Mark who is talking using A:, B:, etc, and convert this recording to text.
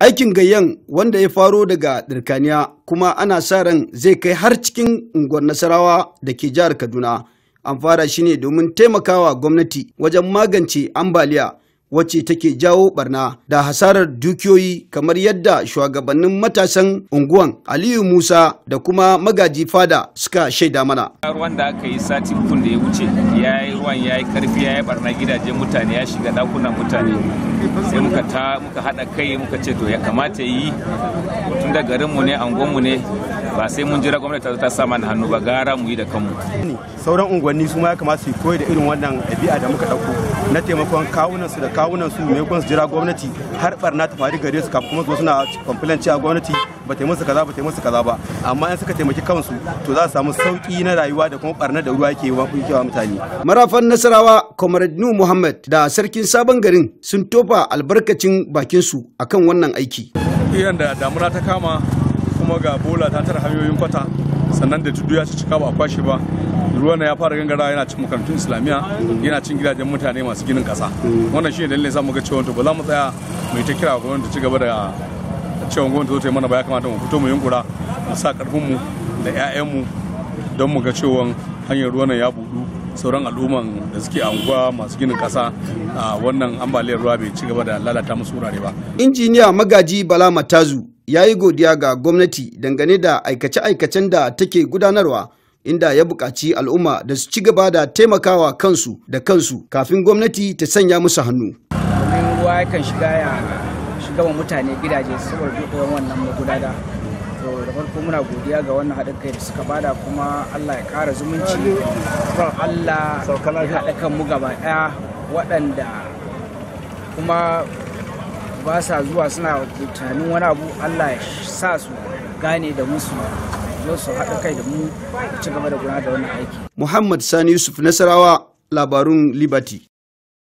A: Aikin gayyan wanda ya faro daga Dirkaniya kuma ana sa ran zai kai har cikin unguwar Nasarawa da ke jihar Kaduna. An fara shi ne domin taimakawa gwamnati wajen magance ambaliya wacce take jawo barna da hasarar dukiyoyi kamar yadda shugabannin matasan unguwan aliyu musa da kuma magaji fada suka shaida mana
B: ruwan da aka yi sati kun da ya wuce ya yi ruwan ya yi karfi ya yi barna gidajen mutane ya shiga dakunan mutane sai muka ta muka haɗa kai muka ce to ya kamata yi tun da garinmu ne angonmu ne ba sai mun jira gwamnati ta sa mana hannu ba gara mu yi da kanmu
C: sauran unguwanni su ma ya kamata su koyi da irin wannan ɗabi'a da muka ɗauko na taimakon kawunan su da kawunan su maimakon su jira gwamnati har barna ta faru gare su kafin kuma su suna kwamfilan cewa gwamnati ba ta musu kaza ba ta musu kaza ba amma in suka taimaki kansu to za su samu sauki na rayuwa da kuma barna da ruwa yi wa mutane marafan
A: nasarawa comrade nu muhammad da sarkin sabon garin sun tofa albarkacin bakin su akan wannan
D: aiki iyan da damuna ta kama kuma ga bola ta tara hanyoyin kwata sannan da tudu ya ci cika ba a kwashe ba ruwan ya fara gangara yana cin makarantun islamiyya yana cin gidajen mutane masu ginin kasa wannan ne dalilin samu ga cewa ba za mu tsaya mu ta kira gwamnati ci gaba da cewa gwamnati zo ta yi mana ba ya kamata mu fito mu yunkura mu sa karfin mu da 'ya'yanmu don mu ga cewa hanyar ruwan ya budu sauran al'umman da suke anguwa masu ginin kasa a wannan ambaliyar ruwa bai ci gaba da lalata musu wurare ba
A: injiniya magaji bala matazu ya yi godiya ga gwamnati dangane da aikace-aikacen da take gudanarwa inda ya buƙaci al'umma da su ci gaba da taimakawa kansu da kansu kafin gwamnati ta sanya musu hannu.
E: ruwa yakan shiga mutane gidaje saboda wannan magudada. To da farko muna godiya ga wannan haɗin kai da suka bada kuma Allah ya ƙara zumunci. Allah ya haɗa kan mu gaba ɗaya waɗanda kuma ba sa zuwa suna tunanin wani abu allah ya sa su gane da musu zo su haɗa kai da mu ci gaba da guna da wani aiki
A: muhammad sani yusuf nasarawa labarun liberty